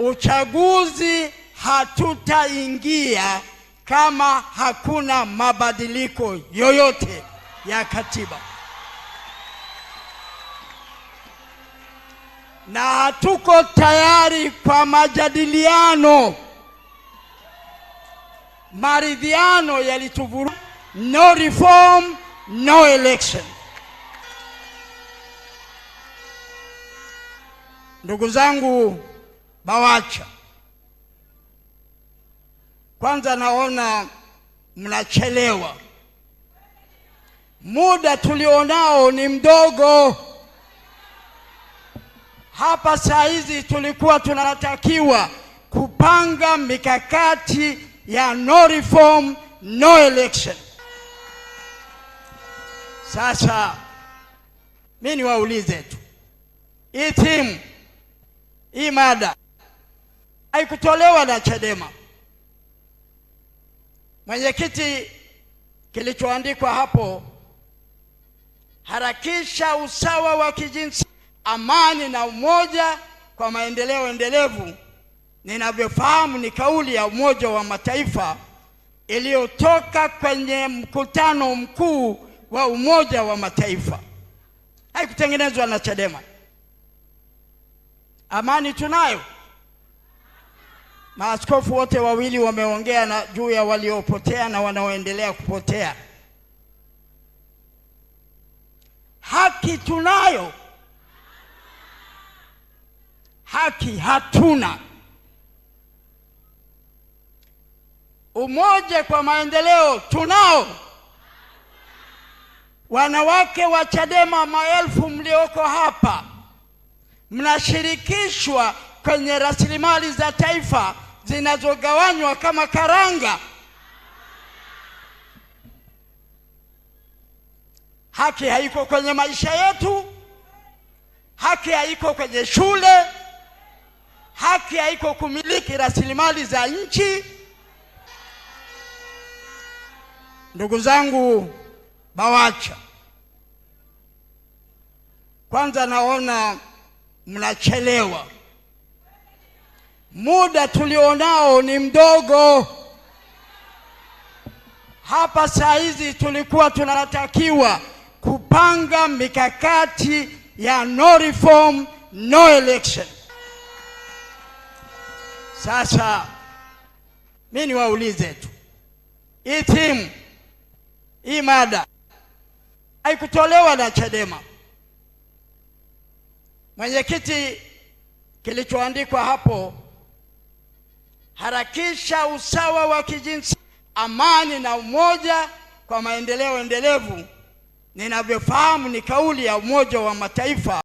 uchaguzi hatutaingia kama hakuna mabadiliko yoyote ya katiba, na hatuko tayari kwa majadiliano. Maridhiano yalituvuru, No reform, no election. Ndugu zangu BAWACHA, kwanza naona mnachelewa. Muda tulionao ni mdogo. Hapa saa hizi tulikuwa tunatakiwa kupanga mikakati ya no reform no election. Sasa mi niwaulize tu hii timu hii mada haikutolewa na Chadema. Mwenyekiti, kilichoandikwa hapo, harakisha usawa wa kijinsi amani na umoja kwa maendeleo endelevu, ninavyofahamu ni kauli ya Umoja wa Mataifa iliyotoka kwenye mkutano mkuu wa Umoja wa Mataifa, haikutengenezwa na Chadema. Amani tunayo Maaskofu wote wawili wameongea na juu ya waliopotea na wanaoendelea kupotea. Haki tunayo, haki hatuna. Umoja kwa maendeleo tunao. Wanawake wa Chadema maelfu mlioko hapa mnashirikishwa kwenye rasilimali za taifa zinazogawanywa kama karanga. Haki haiko kwenye maisha yetu, haki haiko kwenye shule, haki haiko kumiliki rasilimali za nchi. Ndugu zangu BAWACHA, kwanza naona mnachelewa. Muda tulionao ni mdogo. Hapa saa hizi tulikuwa tunatakiwa kupanga mikakati ya no reform no election. Sasa mi niwaulize tu, hii timu hii mada haikutolewa na Chadema. Mwenyekiti, kilichoandikwa hapo harakisha usawa wa kijinsia, amani na umoja kwa maendeleo endelevu, ninavyofahamu ni kauli ya Umoja wa Mataifa.